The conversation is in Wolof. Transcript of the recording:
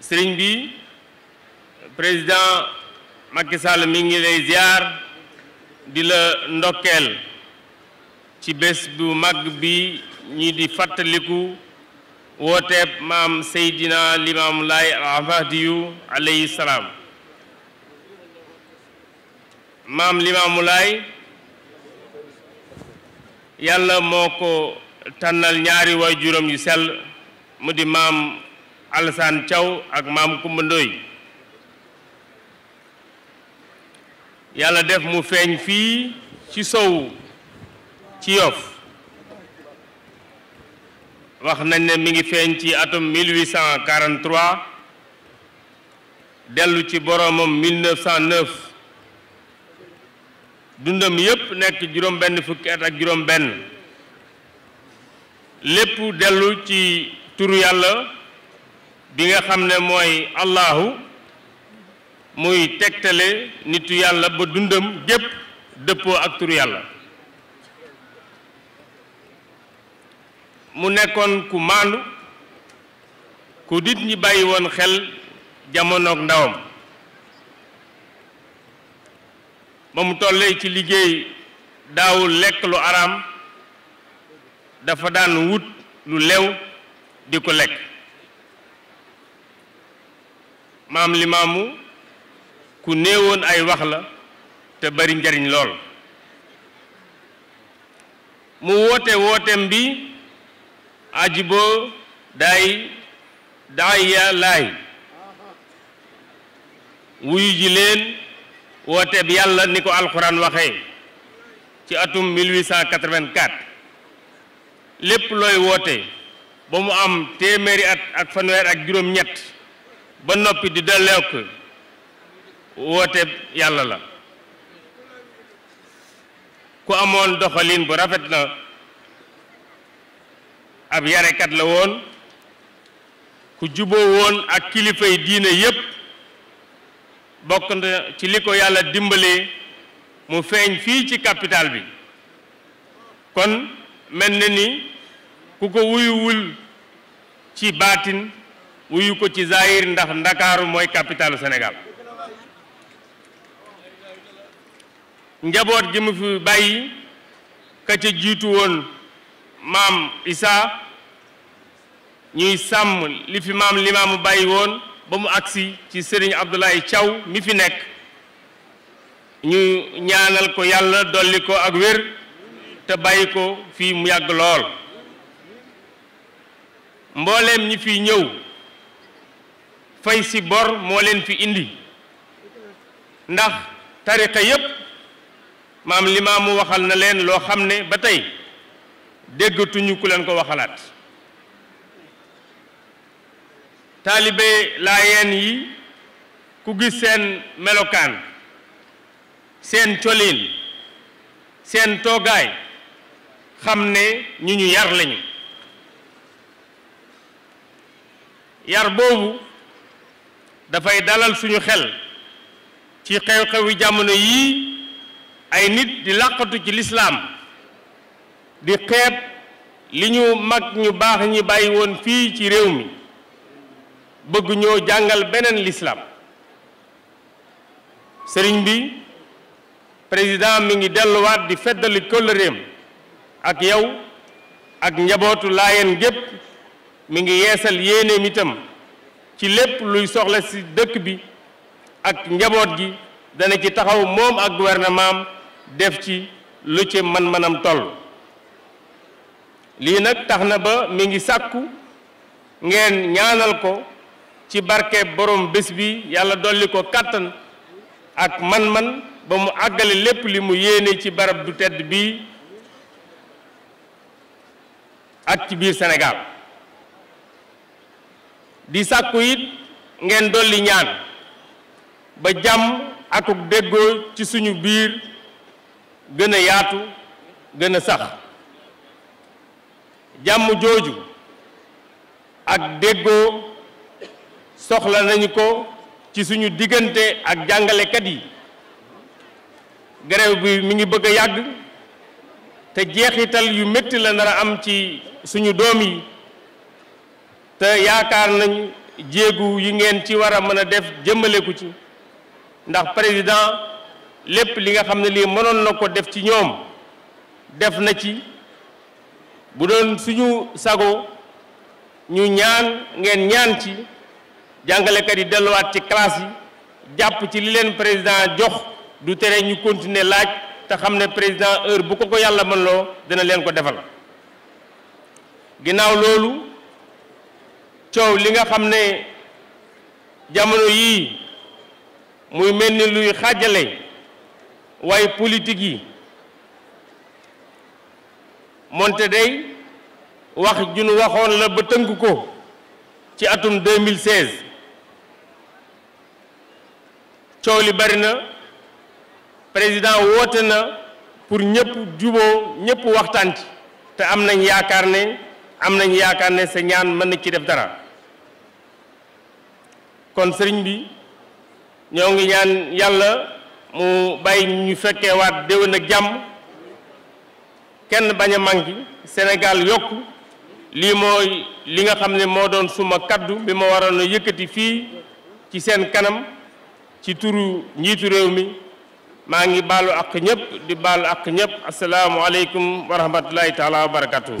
sëriñ bi président Macky mi ngi lay ziar di ndokkeel ci bés bu mag bi ñi di fàttaliku wooteeb maam Seydina Limaamu Laay al-Mahdiyu alayhi salaam maam Limaamu yàlla moo ko tànnal ñaari waay juróom yu sell mu di maam Alassane Thiaw ak maam Kumba yàlla def mu feeñ fii ci sowu ci Yoff wax nañ ne mi ngi feeñ ci atum 1843 dellu ci boroomam 1909 dundam yépp nekk juróom benn fukki ak juróom benn lépp dellu ci turu yàlla bi nga xam ne mooy allahu muy tegtale nitu yàlla ba dundam gépp dëppoo ak turu yàlla mu nekkoon ku maandu ku dit ñi bàyyi woon xel jamonoog ndawam ba mu tollee ci liggéey daawul lekk lu araam dafa daan wut lu lew di ko lekk maam limaamu ku néewoon ay wax la te bari njariñ lool mu woote wootem bi ajiboo daay daaya laay wuyu ji leen wooteeb yàlla ni ko alxuraan waxee ci atum 1884 lépp looy woote ba mu am téeméeri at ak fanweer ak juróom-ñett ba noppi di delleek wooteeb yàlla la ku amoon doxalin bu rafet na ab yarekat la woon ku juboo woon ak kilifay diine yépp bokk na ci li ko yàlla dimbalee mu feeñ fii ci capital bi kon mel na ni ku ko wuyuwul ci baatin wuyu ko ci zahir ndax ndakaaru mooy capitalu senegal njaboot gi mu fi bàyyi ka ca jiitu woon maam Isaa ñuy sàmm li fi maam mu bàyyi woon ba mu agsi ci sëriñ Abdoulaye caw mi fi nekk ñu ñaanal ko yàlla dolli ko ak wér te bàyyi ko fii mu yàgg lool mbooleem ñi fi ñëw fay si bor moo leen fi indi ndax tariqa yépp maam mu waxal na leen loo xam ne ba tey déggatuñu ku leen ko waxalaat taalibe laayeen yi ku gis sen melokaan seen colin seen toogaay xam ñu ñu yar lañu yar boobu dalal suñu xel ci xew-xewi jamono yii ay nit di làqatu ci di xeeb li mag ñu baax ñi bàyyi ci bëgg ñoo jàngal beneen lislaam sëriñ bi président mi ngi delluwaat di feddali kóllëreem ak yow ak njabootu laayeen gépp mi ngi yeesal yéeneem itam ci lépp luy soxla si dëkk bi ak njaboot gi dana ci taxaw moom ak gouvernement def ci lu ci man-manam toll lii nag tax na ba mi ngi sàkku ngeen ñaanal ko ci barkeb borom bés bi yàlla dolli ko kàttan ak man-man ba mu àggale lépp li mu yéene ci barab du tedd bi ak ci biir Sénégal di sàkku it ngeen dolli ñaan ba jàmm akuk déggoo ci suñu biir gën a yaatu gën a sax jàmm jooju ak déggoo soxla nañu ko ci suñu diggante ak jàngalekat yi grève bi mi ngi bëgg a yàgg te jeexital yu métti la ndara am ci suñu doom yi te yaakaar nañ jéegu yi ngeen ci war a mën a def jëmmaleku ci ndax président lépp li nga xam ne lii mënoon na ko def ci ñoom def na ci bu doon suñu sago ñu ñaan ngeen ñaan ci jàngalekat yi delluwaat ci classe yi jàpp ci li leen président jox du tere ñu continuer laaj te xam ne président heure bu ko ko yàlla mën loo dina leen ko defal ginnaaw loolu coow li nga xam ne jamono yii muy mel ni luy xaajale waaye politik yi moonte day wax ju nu waxoon la ba tënk ko ci atum 2016 coow li bari na président woote na pour ñëpp juboo ñëpp waxtaan ci te am nañ yaakaar ne am nañ yaakaar ne sa ñaan mën na ci def dara kon sëriñ bi ñoo ngi ñaan yàlla mu bàyyi ñu fekkee waat déwén ak jàmm kenn bañ a manqué Sénégal yokk lii mooy li nga xam ne moo doon suma kàddu bi ma waroon a yëkkati fii ci seen kanam ci turu njiitu réew mi maa ngi baalu ak ñëpp di baalu ak ñëpp asalaamualeykum wa rahmatullahi taala wa barakatuh